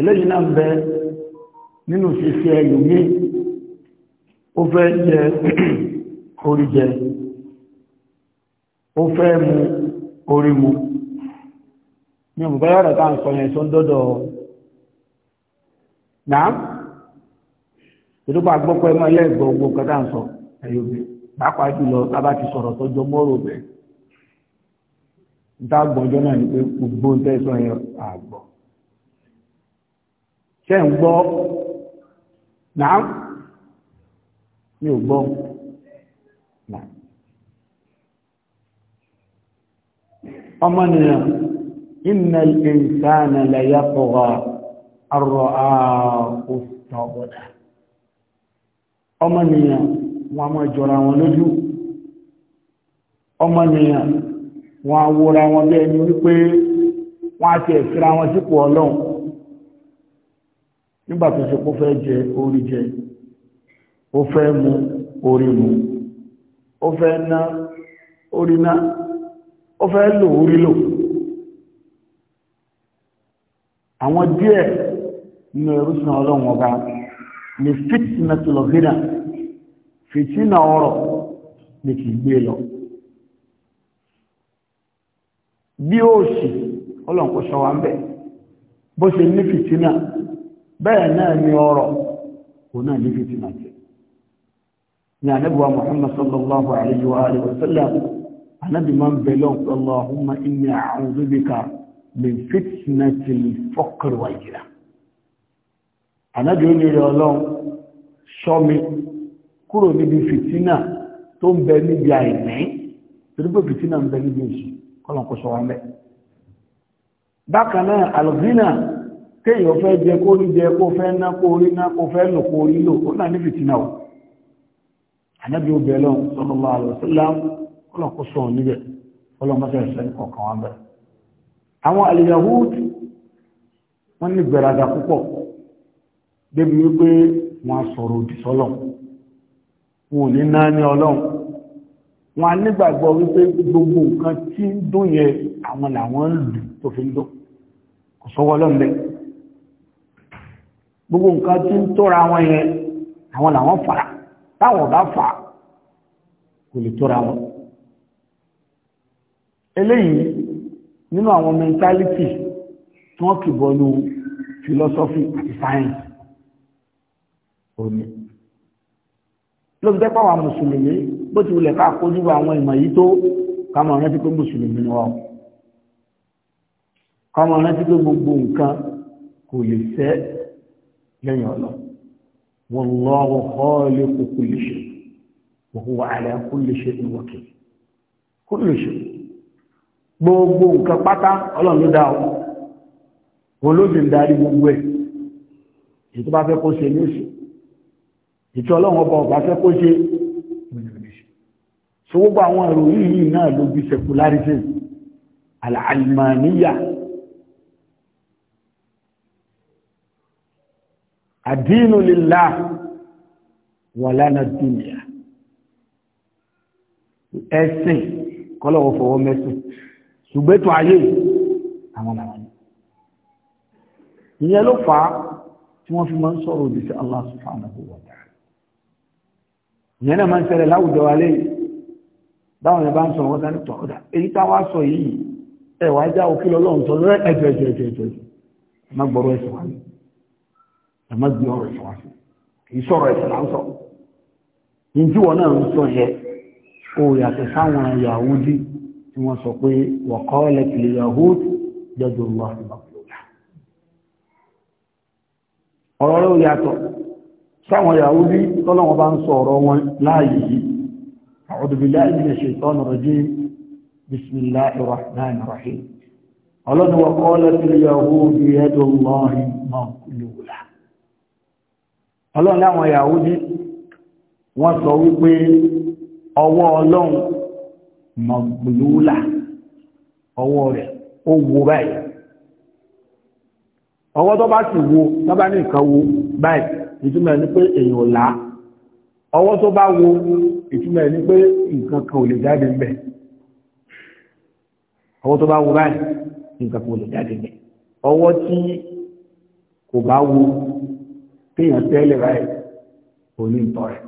eléyìí náà bẹ nínú fífi ẹlòmí ó fẹ́ jẹ orí jẹ ó fẹ́ mu orí mu ní ọmọ báyọ̀ rẹ̀ táà ń sọ yẹn tó ń dọ́dọ̀ náà ìdúpà gbọ́pọ̀ ẹmọ ilé ìgbọ̀ ogbó kẹta ń sọ ẹ̀yọ́bẹ̀ pàápàá jùlọ tábà ti sọ̀rọ̀ tọ́jọ́ mọ́rò bẹ̀ níta gbọ́njọ́ náà ni pé gbogbo ń tẹ́sán yẹn àgbọ̀ ṣe ń gbọ́ náà a ò gbọ́ náà ọmọnìyàn innal insana la yatgha ar-ra'ahu istaghna wọn jọra wọn lójú ọmọnìyàn wọn awora wọn bí ẹni wípé wọn á ti ẹ̀sìra wọn sípò ọlọ́run nígbà tó ṣe kó fẹ́ jẹ orí jẹ ó fẹ́ mu orí mu ó fẹ́ ná orí ná ó fẹ́ lò orí lò àwọn díẹ̀ ọlọ́run ọba ni fitna tó lọ hídà fìtínà ni kì í gbé lọ bí ó sì ọlọ́run kò sọ bẹ́ẹ̀ náà ni ọ̀rọ̀ kò náà ní fi tìmọ̀ jẹ́ ní anábíwá muhammad sallallahu alayhi wa alayhi wa sallam anábí máa ń bẹ lọ́wọ́ allahumma inni a'udhu bika min fitnatil faqr wal ghina anábí ó ní rẹ ọlọ́run ṣọ́ mi kúrò níbi fìtínà tó ń bẹ níbi àìní torí pé fìtínà ń bẹ níbi èṣù kọ́lọ̀ kó sọ wọn bẹ́ẹ̀ bákan náà al-ghina kéèyàn fẹ́ jẹ kó rí jẹ kó fẹ́ ná kó rí ná kó fẹ́ lò kó rí lò ó náà ní fìtínà o ànábì obìnrin lọ sọlọlọ àlọsílá ọlọkọ sọ níbẹ̀ ọlọmọsẹ ẹsẹ kọkàn wọn bẹ àwọn àlìyàwóòdì wọn ní gbẹrada púpọ̀ débi wípé wọn sọ̀rọ̀ òdì sọlọ wọn ò ní náà ní Ọlọ́run wọn á wípé gbogbo nǹkan tí ń dún yẹn àwọn làwọn ń lù tó fi ń dún kò sọwọ Ọlọ́run gbogbo nǹkan tí ń tóra wọn yẹn àwọn làwọn fà á táwọn bá fà á kò lè tóra wọn eléyìí nínú àwọn mentality tí wọ́n kì bọ́lú philosophy àti science òní ló fi jẹ́ pàwọn mùsùlùmí bó ti wulẹ̀ ká kojú àwọn ìmọ̀ yìí tó ká máa rántí pé mùsùlùmí ni wọ́n ká rántí pé gbogbo nǹkan kò lè fẹ́ lẹ́yìn ọ̀lọ́ wallahu khaliqu kulli shay wa huwa ala kulli shay'in wakil kulli shay gbogbo nǹkan pátá ọlọ́run ló dá ọ olóòdì ń darí gbogbo ẹ̀ ètò bá fẹ́ kó ṣe ní oṣù ètò ọlọ́run ọba ọba fẹ́ kó ṣe so gbogbo àwọn ìròyìn yìí náà ló bí secularism al àdínú lílá wà lánàá dúnìyà ẹ̀sìn kọ́lọ̀wọ́ fọwọ́ mẹ́sìn ṣùgbẹ́tò ayé àwọn àwọn ìyẹn ló fà á tí wọ́n fi máa ń sọ̀rọ̀ òdì sí Allah subhanahu wa ta'ala ìyẹn náà máa ń ṣẹlẹ̀ láwùjọ wa báwọn yẹn bá ń sọ wọ́n sáré tọ̀ ọ̀dà èyí táwa sọ yìí ẹ̀wà já òkè lọ́lọ́run sọ lọ́rẹ́ ẹ̀jọ̀ ẹ̀jọ̀ ẹ̀jọ̀ ẹ̀jọ̀ má gbọ́rọ̀ ẹ̀sìn wa ẹ má gbé ọ̀rọ̀ ìṣọwá sí kì í sọ̀rọ̀ ẹsẹ là ń sọ níjú wọn náà ń sọ yẹ o yàtọ̀ sáwọn Yahudi tí wọ́n sọ pé wọkọ lẹkìlẹ Yahud jọjọ lọ sí bàbá ọ̀rọ̀ rẹ̀ yàtọ̀ sáwọn Yahudi tọlọwọn bá ń sọ ọ̀rọ̀ wọn láàyè yìí أعوذ بالله من الشيطان الرجيم بسم الله الرحمن الرحيم قالوا وقالت اليهود يد الله مغلولة ọlọ́run láwọn Yahudi wọ́n sọ wípé ọwọ́ ọlọ́run mọ̀gbìlúlà ọwọ́ rẹ̀ ó wo báyìí ọwọ́ tó bá sì wo tó bá ní nǹkan wo báyìí ìtumọ̀ ní pé èèyàn là ọwọ́ tó bá wo ìtumọ̀ ní pé nǹkan kan ò lè jáde ń bẹ̀ ọwọ́ tó bá wo báyìí nǹkan kan ò lè jáde ń bẹ̀ ọwọ́ tí kò bá wo téèyàn tẹ́lẹ̀ báyìí kò ní ìtọ́ rẹ̀.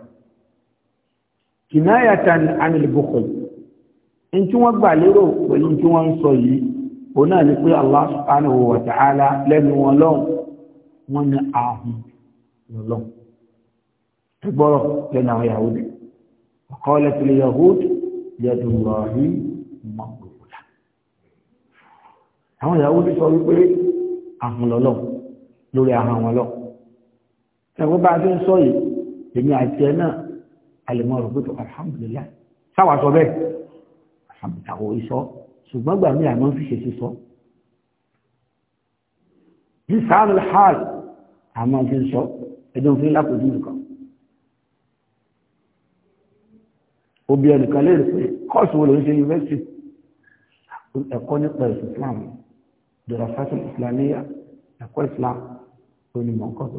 kìnnáyàtà ni anìlìbùkọ̀ yìí tí wọ́n gbà lérò pẹ̀lú tí wọ́n ń sọ yìí òun náà ni pé Allah subhanahu wa ta'ala lẹ́nu wọn lọ́hùn wọ́n ní ahun lọ́lọ́hùn ẹgbọ́rọ̀ lẹ́nu àwọn Yahudi qalat li Yahud yadullahi maghlulah àwọn Yahudi sọ wípé ahun lọ́lọ́hùn lórí ahun wọn lọ́hùn ẹ̀wọ́n bá a ti ń sọ yìí èmi àti ẹ náà àlèmọ́ rẹ̀ gbọ́dọ̀ alhamdulilayi sáwà sọ bẹ́ẹ̀ àbùtàwọ̀ ìsọ ṣùgbọ́n gbà mí àmọ́ fi ṣe sí sọ ní sáàrùn hàl àmọ́ fi sọ ẹjọ́ fi lápòjú nìkan obì ẹnìkan lè rí pé kọ́ọ̀sì wo ló ń ṣe yunifásitì ẹ̀kọ́ nípa ẹ̀sìn Islam dọ̀rọ̀ fásitì Islamiyya ẹ̀kọ́ Islam onímọ̀ nǹkan tó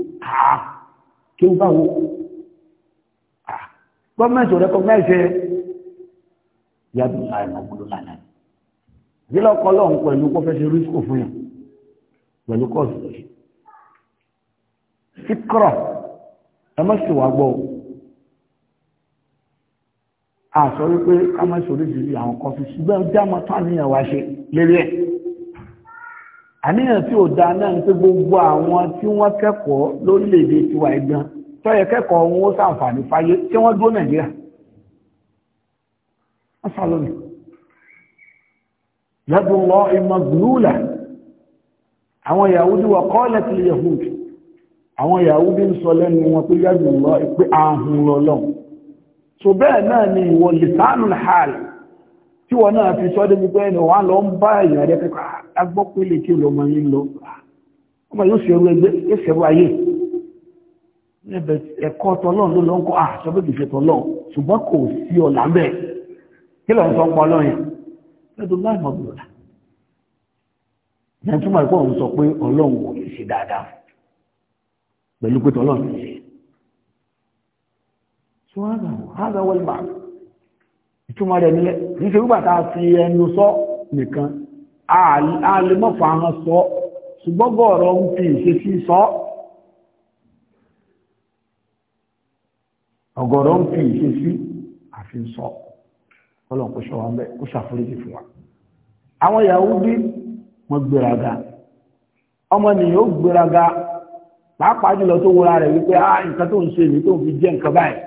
àá ah, kí ó báwo gọ́ọ̀mẹ̀ntì rẹ̀ kọ́ mẹ́sẹ̀ yàtọ̀ láì mọ̀ gbọ́dọ̀ lánàá ìdílé ọkọ lọ́hùn pẹ̀lú kó fẹ́ ṣe rísíkò fún yàn pẹ̀lú kọ́ọ̀sì lọ́sẹ̀ kíkọ́rọ̀ ẹ má ṣe wà gbọ́ o àṣọ wípé ká má ṣe oríṣiríṣi àwọn kọfí ṣùgbọ́n jámọ́ tó àníyàn wá ṣe lérí ẹ̀ àníyàn tí ò da náà ń pé gbogbo àwọn tí wọ́n kẹ́kọ̀ọ́ lórílẹ̀‐èdè tiwa ẹ̀gbọ́n tọ́yẹ kẹ́kọ̀ọ́ wọn ó sàǹfààní fáyé tí wọ́n dúró nàìjíríà wọ́n sá lónìí yàtúnlọ ìmọ̀gbìlúùlà àwọn Yahudi wà kọ́ọ̀lẹ̀ tí Yahudi àwọn Yahudi ń sọ lẹ́nu wọn pé yàtúnlọ ìpé ahun lọ́lọ́ tí wọ́n náà fi sọ́dé gbogbo ẹni wà lọ ń bá èèyàn rẹ̀ pípa agbọ́pẹ̀lẹ̀ tí lọ mọ̀ yín lọ ọmọ yóò ṣerú ẹgbẹ́ yóò ṣerú ayé ẹbẹ̀ ẹ̀kọ́ tọlọ́run ló lọ ń kọ́ àṣọ́bẹ̀ kìí ṣe tọlọ́run ṣùgbọ́n kò sí ọ̀là ń bẹ̀ kí lọ́n sọ pọ̀ lọ́yìn lẹ́dọ̀ láì mọ̀ bí ọ̀là yẹn túmọ̀ ẹ̀kọ́ òun sọ pé ọlọ́run kò lè ṣe dáadáa pẹ̀lú pé tọlọ́run ṣe. sọ ìtumọ̀ rẹ̀ nílẹ̀ ní ṣe rúgbà tá a fi ẹnu sọ nìkan a lè mọ́fà ahọ́n sọ ṣùgbọ́gbọ́ ọ̀rọ̀ ń fi ìṣe sí sọ ọ̀gọ̀rọ̀ ń fi ìṣe sí àfi sọ ọlọ́run kó ṣọ́ wa mẹ́ kó ṣàforíjì fún wa àwọn Yahudi wọ́n gbéraga ọmọ ó gbéraga pàápàá jùlọ tó wọra rẹ̀ wípé ah nǹkan tó ń ṣe ní tó ń fi jẹ́ nǹkan báyìí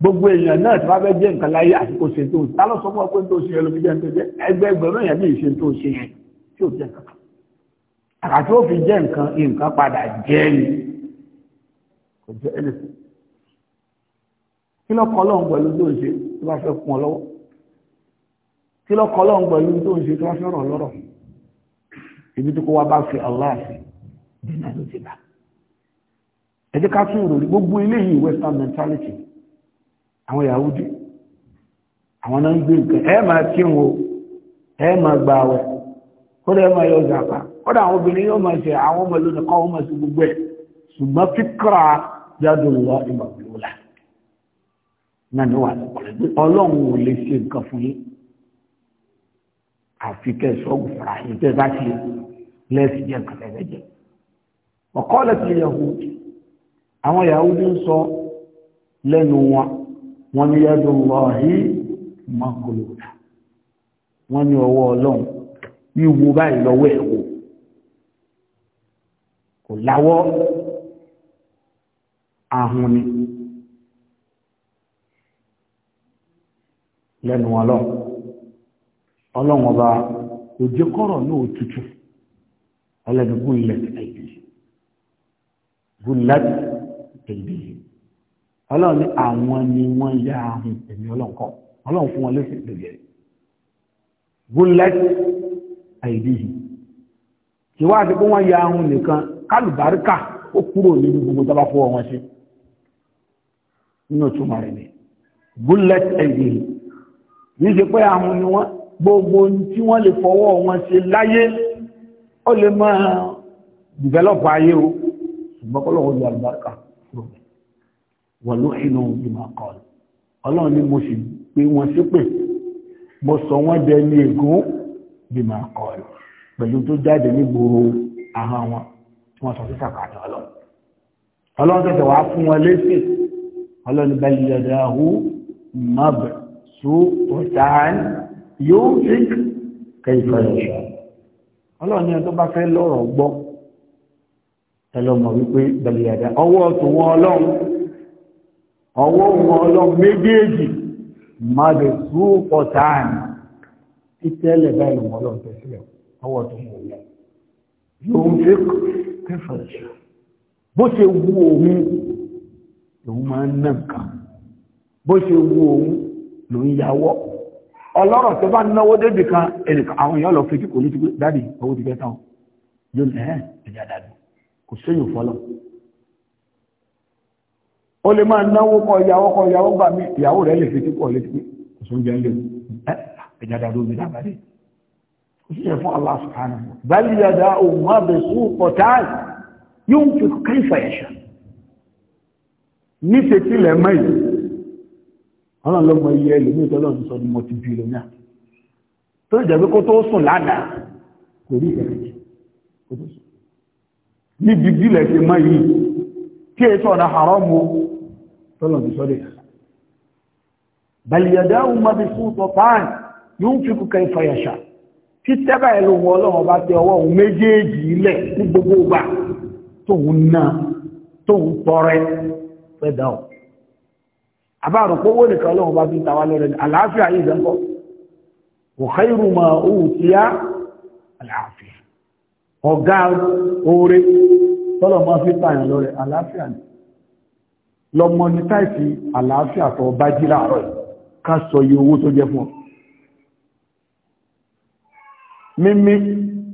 gbogbo èèyàn náà tí wọ́n fẹ́ jẹ́ nǹkan láyé àsìkò ṣe tó ta ló sọ fún ọ pé tó ṣe ẹlòmí jẹ́ tó jẹ́ ẹgbẹ́ ẹgbẹ̀rún èèyàn bí ìṣe tó ṣe yẹn tí ò jẹ́ nǹkan àkà tí ó fi jẹ́ nǹkan nǹkan padà jẹ́ ni kò jẹ́ ẹnìkan kí lọ́kọ́ ọlọ́run pẹ̀lú tó ń ṣe tó bá fẹ́ kún ọ lọ́wọ́ kí lọ́kọ́ ọlọ́run pẹ̀lú tó ń ṣe tó bá fẹ́ rọ̀ lọ́rọ̀ ibi tó kó wa bá fi aláàfin western mentality àwọn Yahudi àwọn náà ń gbé nǹkan ẹ máa kí wọn ẹ máa gba àwẹ̀ kódà ẹ máa yọ zàpá kódà àwọn obìnrin yóò máa ṣe àwọn ọmọ ìlú nìkan wọn máa ṣe gbogbo ẹ ṣùgbọ́n fíkra jáde lọ ìmọ̀ ìlú náà ni wà lọ́kọ̀ọ́lẹ́ ọlọ́run ò lè ṣe nǹkan fún yín àfi kẹ́ sọ́ọ̀gù fara yín bá ṣe lẹ́sì jẹ́ nǹkan tẹ́lẹ̀ jẹ́ ọ̀kọ́ lẹ́sìn Yahudi àwọn Yahudi ń sọ lẹ́nu wọn wọ́n ní yadullahi magluda wọ́n ní ọwọ́ ọlọ́run wíwo báyìí lọ́wọ́ ẹ̀ wò kò láwọ́ ahun ni lẹ́nu ọlọ́run ọlọ́run ọba òjò kọ́rọ̀ náà tutù ọlẹ́nu gúnlẹ̀ ẹ̀yìn gúnlẹ̀ ẹ̀yìn ọlọ́run ní àwọn ni wọ́n yá ahùn èmi ọlọ́run kọ́ ọlọ́run fún wọn lóṣù lógẹ̀rẹ̀ gúnlẹ́t àìdíhì kí wá sí pé wọ́n yá ahùn nìkan kálùbáríkà ó kúrò nínú gbogbo tọ́bá fún wọn ṣe nínú túmọ̀ rẹ̀ ni gúnlẹ́t àìdíhì ní ṣe pé ahùn ni wọ́n gbogbo tí wọ́n lè fọwọ́ wọn ṣe láyé ó lè máa dìvẹ́lọ́pù ayé o ṣùgbọ́n kọ́lọ́wọ́ lu àlùbáríkà kúrò bẹ́ẹ̀ wà ló ìnà ìmọ̀ kọlù ọlọ́run ni mo sì pé wọn sípè mo sọ wọ́n dẹ ní ègún ìmọ̀ kọlù pẹ̀lú tó jáde ní gbòòrò ahọ́n wọn tí wọ́n sọ sí sàkàdé ọlọ́run ọlọ́run tẹ̀sẹ̀ wá fún wọn lésì ọlọ́run bá yẹ dáhù mọ́bẹ̀ sú ọ̀tàn yóò fi kẹfẹ́ ẹ̀ṣọ́ ọlọ́run ni ẹ tó bá fẹ́ lọ́rọ̀ gbọ́ ẹ lọ mọ̀ wípé bẹ̀lẹ̀ ọwọ́ tó wọ́n ọlọ́run ọwọ́ wọn ọlọ́run méjèèjì mọ́dé tú pọ̀tán títẹ́lẹ̀ báyìí wọn ọlọ́run tẹ̀sílẹ̀ ọwọ́ tó mọ̀ wọn yóò ń fi kẹfẹ́ ṣe bó ṣe wù òun lòun máa ń nà nǹkan bó ṣe wù òun lòun yàwọ́ ọlọ́rọ̀ tó bá náwó débì kan ẹnìkan àwọn èèyàn lọ fetí kò ní ti gbé dáàdì owó ti gbé tán yóò ní ẹ̀ ẹ̀jẹ̀ kò séyìn fọlọ́ ó lè máa náwó kọ ìyàwó kọ ìyàwó gbà mí ìyàwó rẹ̀ lè fi tí pọ̀ létí òṣùn jẹ́ ilé ẹ̀dàdàdó mi dábàdé ó sì yẹ fún Allah subhanahu bal yadahu mabsuṭatan yunfiqu kayfa yasha ní fetí lẹ̀ mọ́ yìí ọlọ́run ló mọ iye ẹlòmíì tó lọ́run sọ ni mo ti bí lónìí tó lè jẹ́ pé tó sùn lánàá kò rí ìrẹ̀lẹ̀ kó níbi bílẹ̀ ti mọ́ yìí kí ètò ọ̀nà haramu tọ́lọ̀ ti sọ́dẹ̀ bàlìyàdá umarbi fún tọ́pán yóò fi kúkẹ́ ìfàyàṣà tí tẹ́bà ẹ̀lú wọn ọlọ́run bá tẹ ọwọ́ méjèèjì ilẹ̀ ní gbogbo ìgbà tóun ná tóun tọrẹ fẹ́ dá ọ àbáàrùn kówó nìkan ọlọ́run bá fi ń tawá lọ́rẹ̀ ní àlàáfíà yìí dẹ́kọ́ wa khayru ma utiya àlàáfíà ọ̀gá oore tọ́lọ̀ máa fi pààyàn lọ́rẹ̀ àlàáfíà ni lọ mọ́nítáìsì àlàáfíà tó bá jí láàárọ̀ ká sọ iye owó tó jẹ́ fún ọ mímí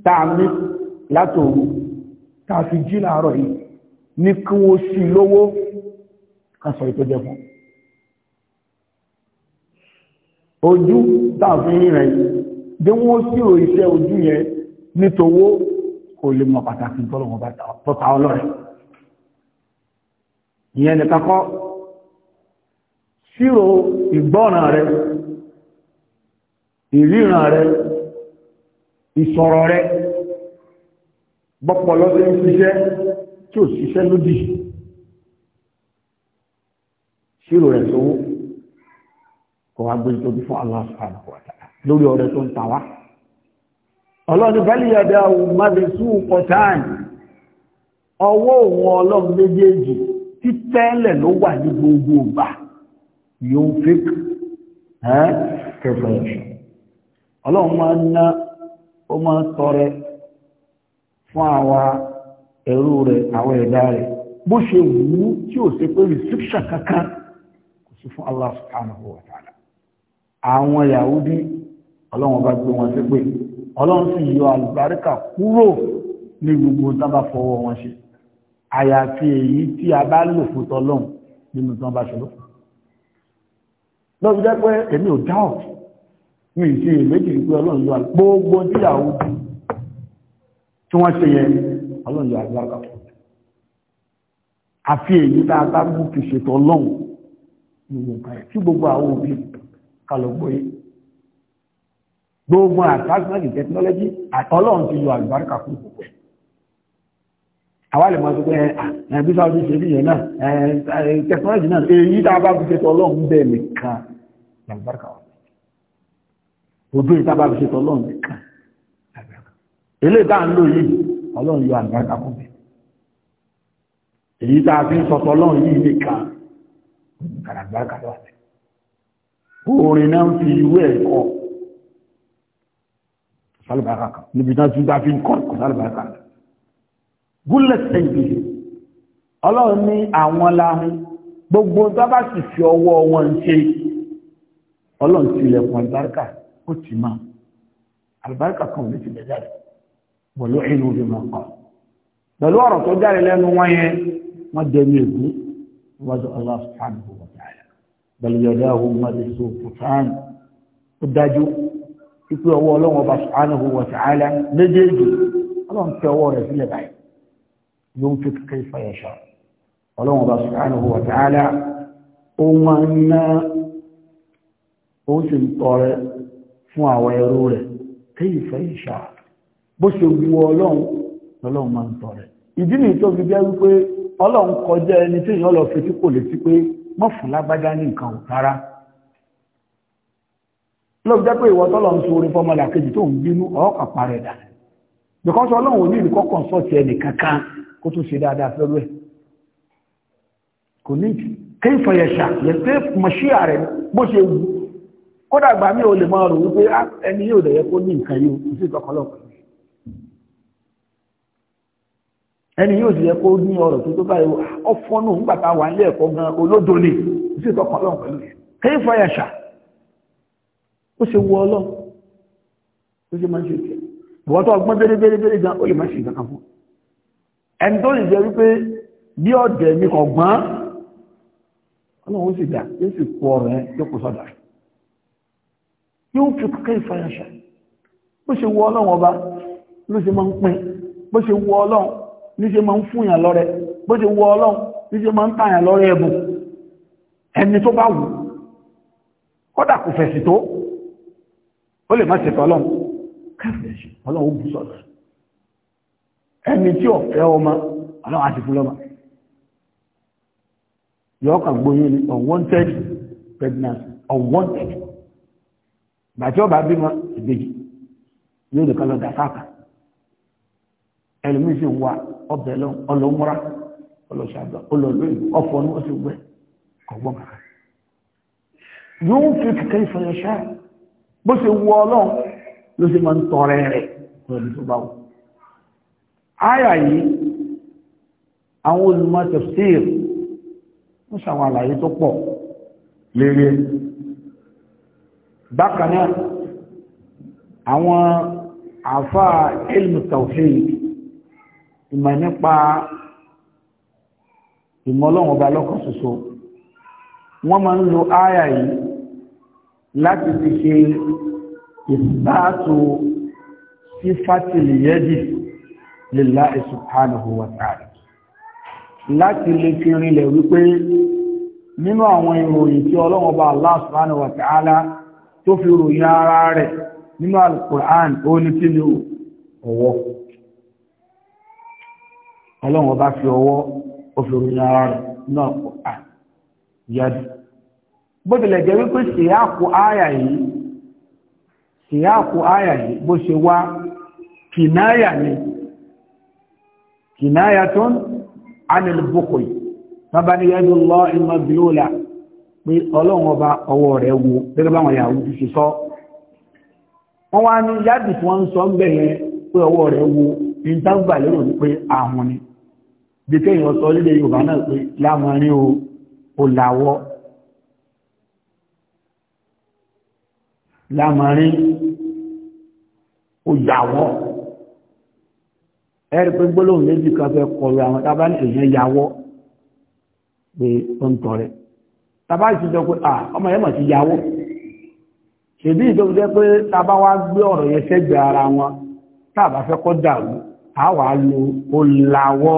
tààmí látòrú tààfi jí láàárọ̀ yìí ní kí wọ́n sí lówó ká sọ ìtọ́jẹ́ fún ojú tààfi rẹ̀ bí wọ́n sí ò iṣẹ́ ojú yẹn nítowó kò lè mọ̀ pàtàkì tọ́lọ̀wọ̀n bá tọ́ta ọlọ́rẹ̀ ìyẹn nìkan kọ́ ṣírò rẹ ìríran rẹ ìsọ̀rọ̀ rẹ bọ́pọ̀ lọ́sẹ̀ ń ṣiṣẹ́ tí ò ṣiṣẹ́ lódì rẹ̀ kò wá gbé tóbi fún Allah lórí ọ̀rẹ́ tó ń ta wá ọlọ́ni bẹ́lì yàdá títẹ́lẹ̀ ló wà ní gbogbo ọba yóò fi kẹfẹ̀ẹ́ṣọ́ ọlọ́run máa ń ná ó máa ń tọrẹ fún àwa ẹrú rẹ̀ àwọn ẹ̀dá rẹ̀ bó ṣe wù ú tí ò sí pé restriction kankan kò sí fún Allah subhanahu wa ta'ala àwọn Yahudi ọlọ́run bá gbé wọn sí pé ọlọ́run sì yọ àlùbáríkà kúrò ní gbogbo tábà fọwọ́ wọn ṣe àyàfi èyí tí a bá lò fún tọ́lọ́n nínú tán bá ṣọlọ́ lọ́wọ́ jẹ́ pé èmi ò dáọ̀ mi ì ṣe èméjì pé ọlọ́run yóò gbogbo tí àwọn ojú tí wọ́n ṣe yẹn ọlọ́run yóò agbára àfi èyí tá a bá mú fi ṣètò ọlọ́run gbogbo nǹkan ẹ̀ tí gbogbo àwọn òbí kalọ̀gbọ́ yìí gbogbo àtàkùn technology àtọ́lọ́run ti yọ àgbáríkà fún púpọ̀ àwa lè máa sọ pé ẹ̀ẹ́dì eh, ah, eh, sáwọ́dì ṣe nìyẹn náà ẹ̀ẹ́ eh, tẹ̀sánọ́jì náà èyí tá a bá fi ṣètò ọlọ́run bẹ́ẹ̀ nìkan làbárkà wà ojú ìta bá fi ṣètò ọlọ́run nìkan làbárkà eléyìí tá à ń lò yìí ọlọ́run yọ àlùbárkà fún mi èyí tá a fi ń sọ̀tọ̀ ọlọ́run yìí nìkan làbárkà wà mí orin náà ń fi ìwé ẹ̀kọ́ sálùbárkà kan níbi náà tún bá fi ń kọ́ sálùbárkà gúlẹ̀ tẹ̀gbì ọlọ́run ní àwọn lahun gbogbo tó bá sì fi ọwọ́ wọn ṣe ọlọ́run ti ilẹ̀kùn àlùbáríkà ó ti máa àlùbáríkà kan ní ti bẹ̀jáde pẹ̀lú ìlú bí wọn kọ pẹ̀lú ọ̀rọ̀ tó jáde lẹ́nu wọn yẹn wọ́n dẹnu ègbú wájú Allah subhanahu wa ta'ala bal yadahu mabsuutatan ó dájú ipe ọwọ́ ọlọ́run ọba subhanahu wa ta'ala méjèèjì ọlọ́run fi ọwọ́ rẹ̀ sílẹ̀ báyìí yunfiq kayfa yasha ọlọ́run ọba subhanahu wa ta'ala ó máa ṣe ìdí tó fi jẹ́ wípé ọlọ́run kọjá ẹni tí èèyàn lọ fetí kò létí pé mọ́ fún lágbájá ní nǹkan ò rárá lọ́wọ́ jẹ́ pé ìwọ tọ́lọ̀ ń orin fọmọlà kejì tó ń bínú ọ̀ọ́kà parẹ̀ dà ọlọ́run ò ní ẹnì kankan kó tún ṣe dáadáa fẹ́rú ẹ̀ kò ní kéfà yẹ̀ṣà yẹ̀pẹ́ mọ̀ṣíà rẹ̀ bó ṣe wù kódà gbà mí lè máa rò wípé ah, ẹni yóò dẹ̀yẹ kó ní nǹkan yóò kò sí ẹni yóò sì yẹ kó ní ọ̀rọ̀ tó tó báyìí ah, ọfọ́nù wà ẹ̀kọ́ gan olódo ni kò sí kéfà yẹ̀ṣà ó ṣe wọ ọlọ́ ẹni tó lè jẹ́ wípé bí ọ̀dẹ̀ mi kọ̀ gbọ́n ọlọ́run sì dà yóò sì kú ọ̀rọ̀ yẹn yóò kó sọ́dà yóò fi kọ́kẹ́ ìfàyàṣà bó ṣe wọ ọlọ́run ọba ló ṣe máa ń pín bó ṣe wọ ọlọ́run ní ṣe máa ń fúnyàn lọ́rẹ bó ṣe wọ ọlọ́run ní ṣe máa ń tàyàn lọ́rẹ ẹ̀bùn ẹni tó bá wù kódà kò fẹ̀sì tó ó lè má ṣètò ọlọ́run káfíńsì ọlọ́run ó bù sọ́dọ̀ ẹni tí ọ̀fẹ́ ọmọ aláwọ̀ àti fúlọ́mà yọ́ọ̀kà gbóyé ní unwanted pregnancy unwanted bàtí ọba bímọ ìbejì yóò lè kọlọ dàfáàkà ẹlòmíì sì ń wa ọbẹ̀ ọlọ́múra ọlọ́ṣàgbà ọlọ́lóyìn ọ̀fọ̀nù ọ̀sẹ̀ gbẹ ọgbọ́n kàkà yóò fi kẹ̀kẹ́ ìfọyọ̀ṣà bó ṣe wọ ló ṣe máa ń tọrẹ tó bá wù. àyà yìí àwọn olùmọ̀ tafsir ń ṣàwọn àlàyé tó pọ̀ lérí ẹ̀ bákan náà àwọn àfà ilmu tawhid ìmọ̀ nípa ìmọ̀ ọlọ́run ọba lọ́kàn ṣoṣo wọ́n máa ń lo àyà yìí láti fi ṣe ìbáàtò sífàtìlì yẹ́dì lillahi subhanahu wa ta'ala láti lè fi rinlẹ̀ wípé nínú àwọn ìròyìn tí ọlọ́wọ́ bá Allah subhanahu wa ta'ala tó fi ròyìn ara rẹ̀ nínú al-Qur'an ó ní kí ni ọwọ́ ọlọ́wọ́ bá fi ọwọ́ ó fi ròyìn ara rẹ̀ nínú al yadu bó tilẹ̀ jẹ́ wípé ṣìyàkù áyà yìí ṣìyàkù áyà yìí bó ṣe wá kìnnáyà ni kìnáyàtún anilbukui tọ́ba ní yẹ́dù lọ ìmọ̀ bílúùlà pé ọlọ́run ọba ọwọ́ rẹ̀ wo gẹ́gẹ́ báwọn yàwó ti ṣe sọ wọ́n wá ní yádì tí wọ́n ń sọ ń bẹ̀rẹ̀ pé ọwọ́ rẹ̀ wo ní tágbà lérò ní pé àwọn ni bí kéèyàn sọ lílé yorùbá náà pé lámọrin o ò làwọ́ lámọrin ò yàwọ́ ẹ̀rí pé gbólóhùn méjì kan fẹ́ kọlu àwọn tábà ní èèyàn yàwọ́ pé ó ń tọrẹ tábà sì jọ pé à ọmọ yẹn mọ̀ sí yàwọ́ ṣèbí ìjọba jẹ́ pé tábà wá gbé ọ̀rọ̀ yẹn sẹ́gbẹ̀ẹ́ ara wọn tábà fẹ́ kọ́ dàrú á wà lo ó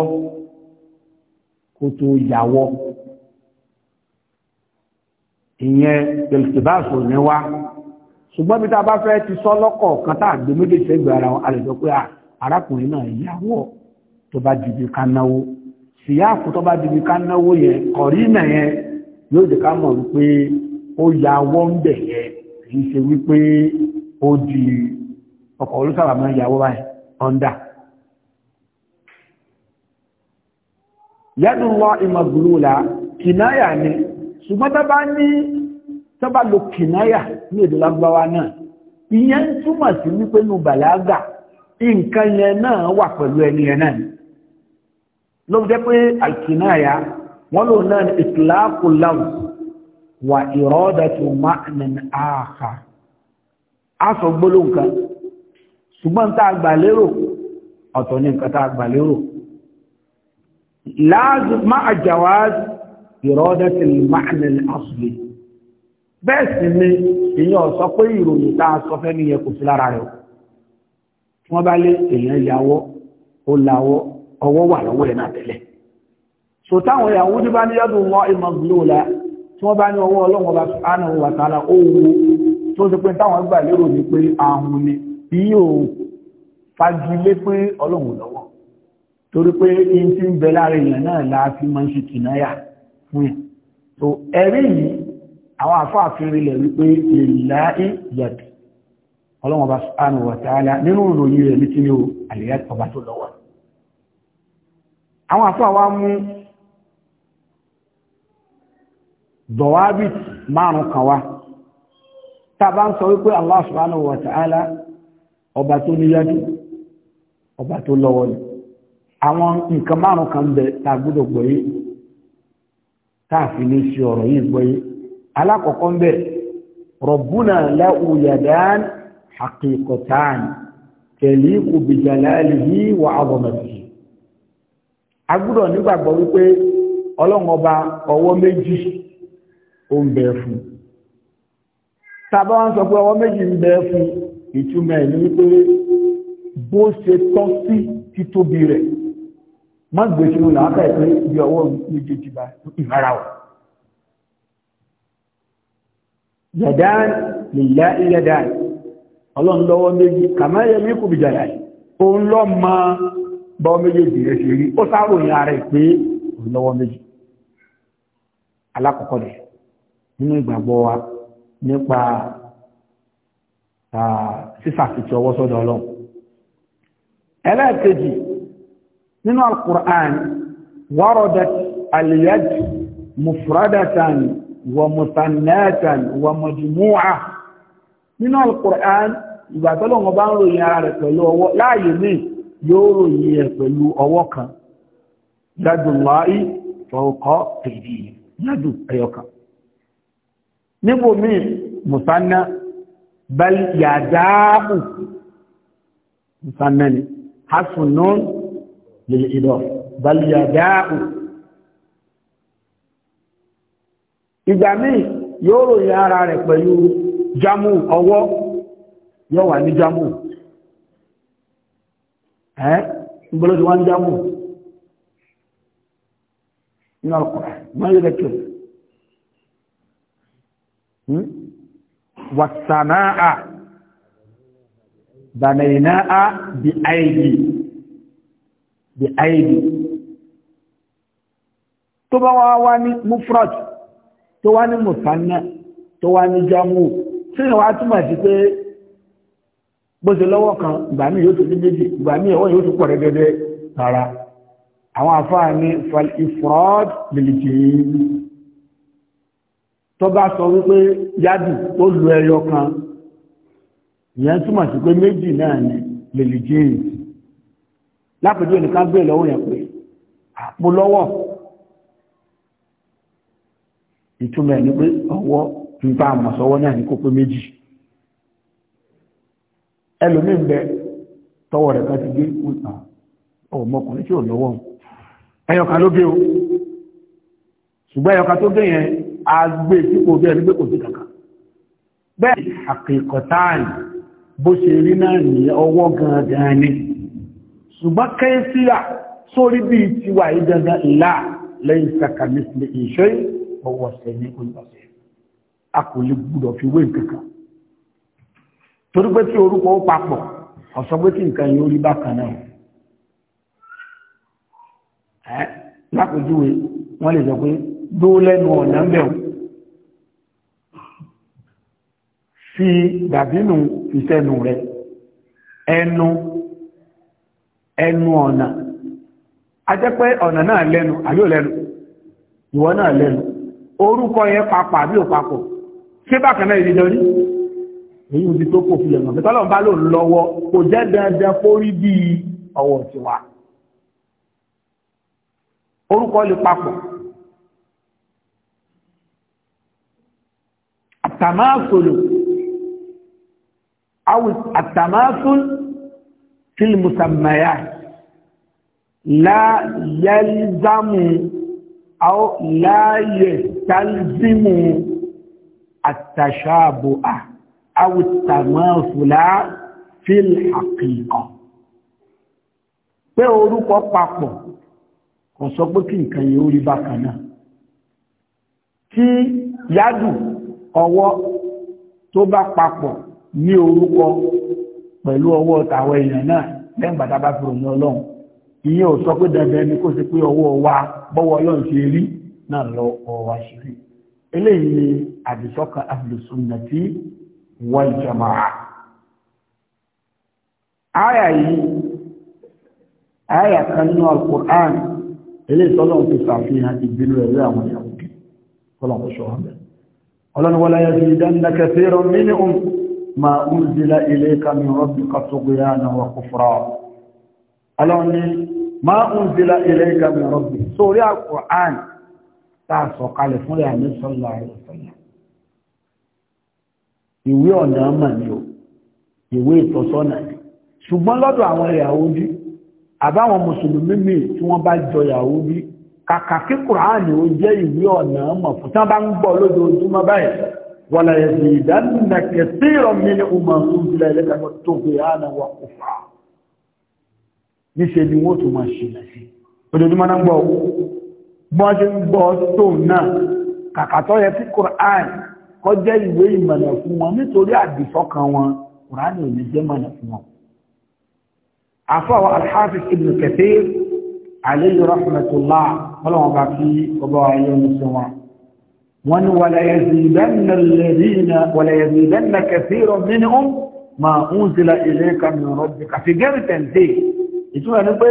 kó tó yàwọ́ ìyẹn tẹlifíbáàsì ò ní wá ṣùgbọ́n bí tábà fẹ́ ti sọ́ lọ́kọ̀ọ̀kan tá àgbẹ̀ méjèèjì ara wọn a lè sọ pé à arákùnrin náà yàwó tó bá dìbì ká náwó síyáàfù tó bá dìbì ká náwó yẹn kọ̀rí náà yẹn yóò jẹ́ ká mọ̀ wípé ó yàwó ń bẹ̀ yẹn kì í ṣe wípé ó di ọkọ̀ olùsàlámọ́ yàwó báyìí ọ̀ndà. yẹ́nu lọ ìmọ̀gbùlúla kìnáyà ni ṣùgbọ́n tó bá ní tó bá lo kìnáyà ní èdè lágbáwá náà ìyẹn túmọ̀ sí nǹkan yẹn náà wà pẹ̀lú ẹni yẹn náà ló jẹ́ pé àìkìnáyà wọ́n lò náà ní ìtìláàkù láwù wà ìrọ́dàtù máàmìn àhà aṣọ gbólóhùn kan ṣùgbọ́n tá a gbà lérò ọ̀tọ̀ ní nǹkan tá a gbà lérò láàzù máa jàwáz ìrọ́dàtù máàmìn àṣùlè bẹ́ẹ̀ sì ni ìyẹn ó pé ìròyìn tá a sọ fẹ́ nìyẹn kò sí lára rẹ̀ o wọ́n bá lé èèyàn yàwọ́ ó láwọ́ ọwọ́ wà lọ́wọ́ ẹ̀ náà tẹ́lẹ̀ so táwọn ìyàwó ní bá ní yọ́dún wọ́n ìmọ̀ glóòlá tí wọ́n bá ní ọwọ́ ọlọ́wọ́ bá sánà wà tààlà owó tó ti pé táwọn gbà lérò ní pé ààrùn ni bí yóò fagilé pé ọlọ́run lọ́wọ́ torí pé in ti ń bẹ lára èèyàn àwọn àfáàfin rilẹ̀ wípé lè láì ọlọ́wọ́n bá sánù wàtàálà nínú ìròyìn rẹ̀ ní tí ní o àlèyà ọba tó lọ́wọ́ àwọn àfọ́ àwá mú dọ̀wábìt márùn kan wá tàbá ń sọ wípé Allah subhanahu wa ta'ala ọba tó níyàdù ọba tó lọ́wọ́ حقيقتان تليق بجلاله وعظمته a gbọ́dọ̀ nígbàgbọ́ wípé ọlọ́run ọba ọwọ́ méjì ó ń bẹ fún tàbá wọn sọ pé ọwọ́ méjì ń bẹ fún ìtumọ̀ ẹ̀ ní wípé bó ṣe tọ́ sí títóbi rẹ̀ má gbèsè wọn làwọn káyọ̀ pé ibi ọwọ́ méjèèjì bá ìrara wọn. yàdá lè yá ìyàdá yìí ọlọ́run lọ́wọ́ méjì kàmáyẹ mí kò bìjàyà òun lọ ma bá méjèèjì rẹ̀ ṣe rí ó sáròyìn ara ẹ̀ pé òun lọ́wọ́ méjì alákọ̀ọ́kọ́ rẹ̀ nínú ìgbàgbọ́ wa nípa sísàfihàn ọwọ́ sọ́dọ̀ ọlọ́run ẹlẹ́ẹ̀kejì nínú alukur'an waradat aliyad mufradatan wa musannatan nínú alukur'an ìgbà tọ́lọ́wọ́ bá ń ròyìn ara rẹ̀ pẹ̀lú ọwọ́ láàyè míì yóò ròyìn ẹ̀ pẹ̀lú ọwọ́ kan yadullahi fawqa tèdí yadu ẹyọkan níbo míì musanna bal yadahu musanna ni hasunun lil idof bal yadahu ìgbà míì yóò ròyìn ara rẹ̀ pẹ̀lú Jamu ọwọ́ yóò wà ní jámù ẹ́ ìgbọ́lọ́dún wá ní jámù ní ọkọ̀ mọ́lẹ́lẹ́kẹ̀ wàtànáà bànàìnáà bí àìdì bí àìdì tó bá wá wá ní mufrad tó wá ní musanna tó wá ní jámù tí ìwà túmọ̀ sí pé bó ṣe lọ́wọ́ kan ìgbà míì yóò tó ní méjì ìgbà míì ọwọ́ yóò tó pọ̀ rẹ́gẹ́dẹ́ rárá àwọn àfáà ní fal ifrad lèlìkì tó bá sọ wípé yádù ó lu ẹyọ kan ìyẹn túmọ̀ sí pé méjì náà ni lèlìkì lápẹjọ́ nìkan gbé lọ́wọ́ yẹn pé àpò lọ́wọ́ ìtumọ̀ ẹ̀ ni pé ọwọ́ nípa àmọ̀sọ́wọ́ náà ní kó pé méjì ẹlòmí ń bẹ tọwọ́ rẹ̀ ká ti gbé ọmọkùnrin tí ò lọ́wọ́ ẹyọkan ló gé o ṣùgbọ́n ẹyọkan tó gé yẹn a gbé e sípò bẹ́ẹ̀ ní pé kò sí kankan bẹ́ẹ̀ àkẹ́kọ̀táàyì bó ṣe rí náà ní ọwọ́ gangan ni ṣùgbọ́n kẹ́síra sórí bí tiwa yìí ìlà lẹ́yìn sàkàmìsì ìṣẹ́ ọwọ́ sẹ́yìn olùbàṣẹ́ a kò lè gbúdọ̀ fi wé nǹkankan torí pé tí orúkọ ó papọ̀ ọ̀sọ́ pé tí nǹkan yóò rí bákan náà ẹ́ lápèjúwe wọ́n lè sọ pé dúró lẹ́nu ọ̀nà ń bẹ̀rù fi dàbínú ìsẹ́nu ẹnu ẹnu ọ̀nà a ọ̀nà náà lẹ́nu àbí lẹ́nu ìwọ náà lẹ́nu orúkọ yẹn papọ̀ àbí ò ṣé bákan náà ìrìnà rí èyí ò ti tó kò filẹ̀ mọ̀ pẹ̀tọ́lọ̀ bá lò lọ́wọ́ kò jẹ́ dandan fórí bí ọwọ́ tiwa orúkọ lè papọ̀ àtàmásòlò àtàmásòl fílmùsàmàyà láyẹ̀lzámù láyẹ̀ tálzímù àtàṣàbòà àwùtàmọ́fùlá fílhàkìkọ̀ pé orúkọ papọ̀ kò sọ pé kí nǹkan yìí ó rí bákan náà tí yádù ọwọ́ tó bá papọ̀ ní orúkọ pẹ̀lú ọwọ́ tàwọn èèyàn náà lẹ́yìn bàtà bá fi ròyìn ọlọ́run ìyẹn ò sọ pé dandan ni kó ṣe pé ọwọ́ wa bọ́wọ́ ọlọ́run ṣe rí náà lọ ọwọ́ wa ṣe rí eléyìí ni àdìsọ́kà Sunnati wal jama'a àyà yìí àyà kan nínú al-Qur'an eléyìí tọ́lọ́run ti ṣàfihàn ìbínú ẹ̀rí àwọn Yahudi tọ́lọ́run ṣọ́ wọn bẹ̀rẹ̀ ọlọ́run wọlé yazidanna kathiran minhum ma unzila ilayka min rabbika tughyana wa kufra ọlọ́run ni ma unzila ka min rabbika sori al-Qur'an tá a sọ kalẹ̀ fún rẹ̀ àmì sọ́lá rẹ̀ sọ́lá. ìwé ọ̀nà mà ni o ìwé ìtọ́sọ́nà ni ṣùgbọ́n lọ́dọ̀ àwọn Yahudi àbáwọn mùsùlùmí mi tí wọ́n bá jọ Yahudi kàkà kí Kùránì ó jẹ́ ìwé ọ̀nà mà fún tí wọ́n bá ń gbọ́ lójoojúmọ́ báyìí wala yazidanna kathiran minhum ma unzila ilayka tughyanan wa kufra níṣe ni wọ́n tún máa ṣe lẹ́sìn ojoojúmọ́ náà ń gbọ́ bọ́ṣe ń gbọ́ tó náà kàkàtọ́ yẹ kí Qur'an kọ́ jẹ́ ìwé ìmọ̀nà fún wọn nítorí àdìsọ́kàn wọn Qur'an ò ní jẹ́ mọ̀nà fún wọn. àfọwọ́ al-Hafiz Ibn Kathir alayhi rahmatullah ọlọ́wọ́n bá fi ọba ayé ń sọ wọn. wọ́n ní wala yazidanna alladhina wala yazidanna kathiran minhum ma unzila ilayka min rabbika gẹ́rì tẹ̀ǹtẹ̀ ìtumọ̀ ní pé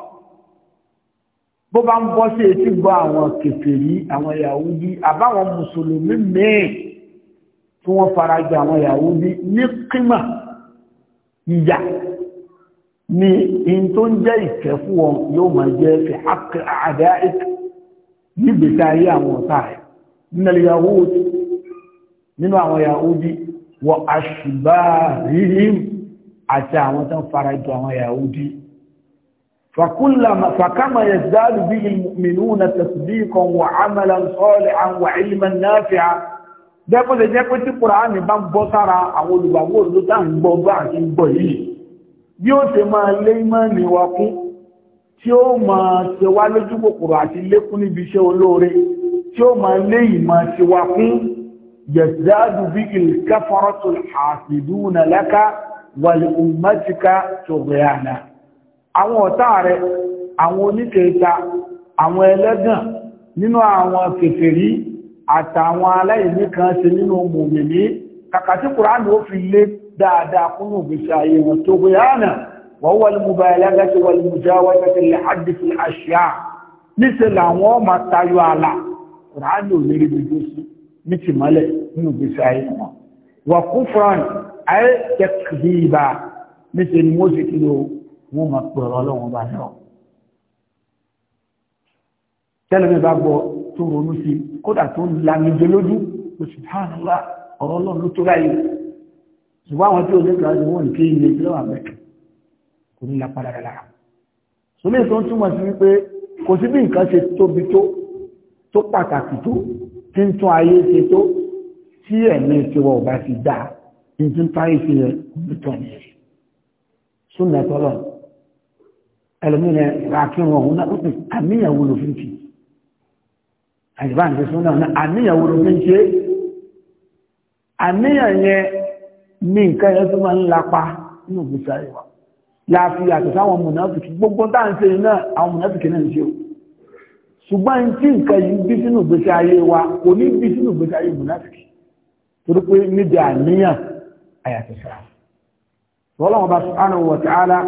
bó bá ń bọ́ sí etí gbọ́ àwọn kèfèrí àwọn Yahudi àbáwọn mùsùlùmí míì tí wọ́n fara gbé àwọn Yahudi ní kímà ìyà ni in tó ń jẹ́ ìkẹ́ fún wọn yóò máa jẹ́ fi haqq a'da'ik nígbèsí ayé àwọn ọ̀tá rẹ̀ nínú Yahudi nínú àwọn Yahudi wọ àṣùbá rírìm àti àwọn tó ń fara gbé àwọn Yahudi فكلما فكما يزداد به المؤمنون تصديقا وعملا صالحا وعلما نافعا dẹ́kun lè jẹ́ pé tí kùránì bá ń bọ́ sára àwọn olùgbàwó ló tá ń gbọ́ bá àti ń gbọ́ yìí bí ó ṣe máa lé mọ́ni wa kún tí ó máa ṣe wá lójú kòkòrò àti lékún níbi iṣẹ́ olóore tí ó máa lé ìmọ̀ ṣe wa kún yẹ̀síádù bí ìlkẹ́fọ́rọ́tò àṣìdúnà lẹ́ka wàlẹ̀ òmùmẹ́tìká tòbẹ̀yànà àwọn ọ̀tá rẹ̀ àwọn oníkẹta àwọn ẹlẹ́gàn nínú àwọn kèfèrí àtàwọn aláìní kan ṣe nínú mòmìnì kàkàtí kùránì ó fi lé dáadáa kúnnù gbèsè ayé wọn tó gbé yánà wọ́n wọ́n mú bá ẹlẹ́gàtí wọ́n mú já wọ́n tẹ́tẹ́ lè hádìsí ni wọ́n ṣe kí lóò wọ́n máa pẹ̀rọ ọlọ́run bá náà tẹ́lẹ̀mí bá gbọ́ tó ronú sí kódà tó lamijẹ lójú òṣìṣàlá ọ̀rọ̀ ọlọ́run ló tó ráyè ṣùgbọ́n àwọn tí ó lè gbàgbé wọn kí ilé lọ́wọ́ àbẹ̀kẹ̀ kò ní lápá dáradára sólè tó ń túmọ̀ sí wípé kò sí bí nǹkan ṣe tóbi tó tó pàtàkì tó tí ń tún ayé ṣe tó tí ẹ̀mí ìṣòwò ọ̀bá fi dáa tí ń tún táyé ṣe yẹ kò ní ní ẹ̀ súnmẹ́tọ́lọ́nù ẹlòmínà a ọ̀hún náà na àníyàwó ló fi ń fi àìbá ń náà àníyàwó ló fi ń ṣe àníyàn ní nǹkan yẹn tó máa ń lapa nínú ìgbésí ayé wa láàfin àtọ̀ mùnàfìkì gbogbo tá à ń ṣe náà àwọn mùnàfìkì náà ń ṣe o ṣùgbọ́n tí nǹkan yìí bí sínú ayé wa kò ní bí sínú ayé mùnàfìkì torí pé níbi àníyàn bá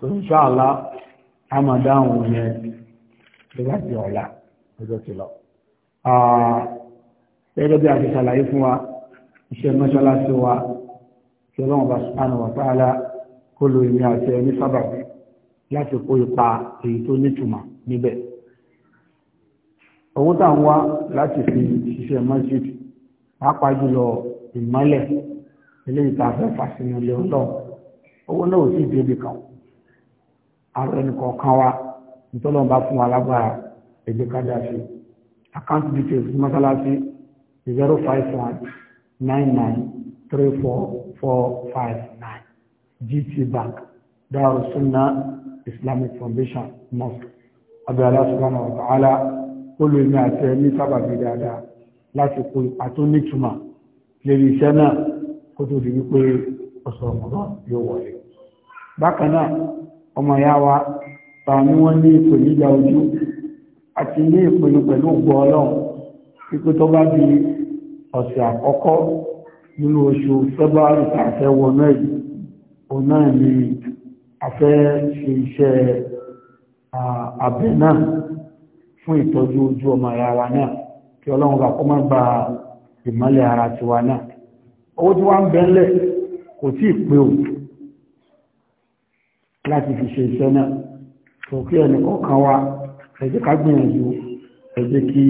so inshallah a máa dáhùn yẹn nígbà tí ọ̀la ọjọ́ ti lọ. gẹ́gẹ́ bí a ti ṣàlàyé fún wa iṣẹ́ mọ́ṣáláṣí wa kí ọlọ́run bá subhanahu wa ta'ala kó lo ìmí àti ẹni sábàbí láti kó ipa èyí tó nítumọ̀ níbẹ̀ owó tá à ń wá láti fi ṣiṣẹ́ masjid pàápàá jùlọ ìmọ́lẹ̀ eléyìí tá a fẹ́ fà sínú ilé ọlọ́run owó náà ò sì débi kan a ẹnìkọ̀ọ̀kan wa nítọ́lọ́n bá fún wa lágbára ẹgbẹ́ kájá sí account details mọ́sálásí zero five one nine nine three four four GT Bank Darus na Islamic Foundation Mosque abẹ́ aláṣùgbọ́n ọ̀tọ̀ alá olùmí àti ẹni sábàbí dáadáa láti kó ipa tó lérí iṣẹ́ náà kó tó di wípé yóò wọlé ọmọ ìyá wa tàbí wọ́n ní ipò nígbà ojú àti ní ìpinnu pẹ̀lú ògbọ́ ọlọ́run wípé tó bá di ọ̀sẹ̀ àkọ́kọ́ nínú oṣù february tàfẹ́ wọnú ẹ̀yí òun náà ni a fẹ́ ṣe iṣẹ́ abẹ náà fún ìtọ́jú ojú ọmọ ara wa náà kí ọlọ́run bá kọ́ má gba ìmọ́lẹ̀ ara tiwa náà owó tí wọ́n ń bẹ́ńlẹ̀ kò tí pé òun láti fi ṣe iṣẹ́ náà tó kí ẹnì kọ̀ọ̀kan wa ẹ ká gbìyànjú ẹ kí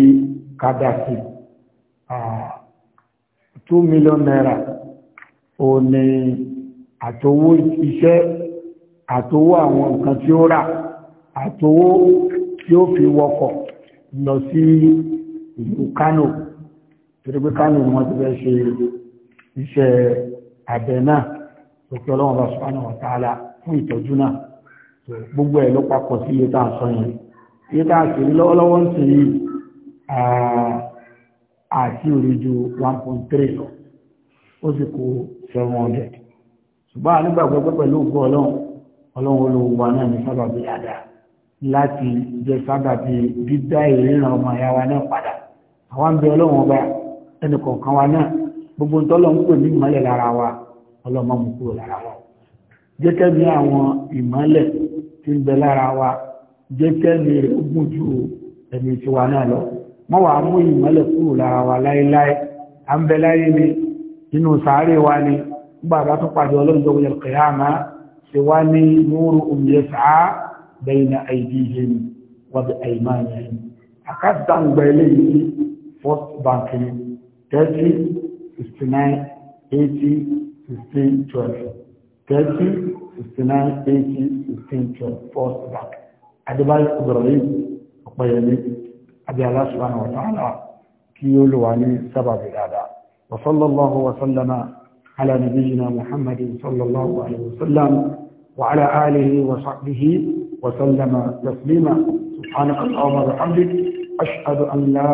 ká dá sí two million naira ó ní àtowó iṣẹ́ àtowó àwọn nǹkan tí ó rà àtowó tí ó fi wọkọ̀ lọ sí ìlú Kánò torí pé Kánò ni ti fẹ́ ṣe iṣẹ́ abẹ náà òkè ọlọ́wọ́n bá subhanahu wa ta'ala fún ìtọ́jú náà gbogbo ẹ̀ ló papọ̀ sí iye tá a sọ yẹn iye tá a sì rí lọ́wọ́lọ́wọ́ ń sì rí àti òrí ju one point three lọ ó sì kó seven hundred ṣùgbọ́n ànígbàgbọ́ pé pẹ̀lú ògbó ọlọ́run ọlọ́run olówó wa náà ní sábàbí dáadáa láti jẹ sábàbí dídá ìríran ọmọ ìyá wa náà padà àwọn ń bẹ ọlọ́run ọba ẹnì kọ̀ọ̀kan wa náà gbogbo ń tọ́lọ́ ń pè ní ìmọ̀lẹ̀ lára wa ọlọ́mọ mú kúrò lára wa jẹ́kẹ́ ní àwọn ìmọ́lẹ̀ tí ń bẹ lára wa jẹ́kẹ́ ní ogún ju ẹ̀mí tiwa náà lọ mọ́ wàá mú ìmọ́lẹ̀ kúrò lára wa láéláé à ń bẹ láyé ni nínú sàárè wa ni nígbà bá tún pàdé ọlọ́run tó wọlé kìyàmá ṣe wá ní núrù òmìnir sàá bẹ́yìn àìdíhìn wàbí àìmáyìn àkàtàǹgbà eléyìí first bank ni thirty sixty nine eighty sixteen twelve. 30, 69, 80, 16, 12, 4, back. Adébáyé Ibrahim Ọ̀pẹ̀yẹmí Abíyàlá Ṣùgbọ́n wa ta'ala kí ó lò wà ní sábàbí dáadáa. Wa sallallahu wa sallama ala nabiyyina Muhammadin sallallahu alaihi wa sallam wa ala alihi wa sahbihi wa sallama taslima subhanaka Allahumma wa hamdik ashhadu an la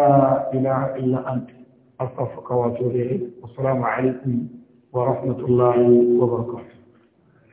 ilaha illa ant astaghfiruka wa atubu ilayk. Assalamu alaikum wa rahmatullahi wa barakatuh.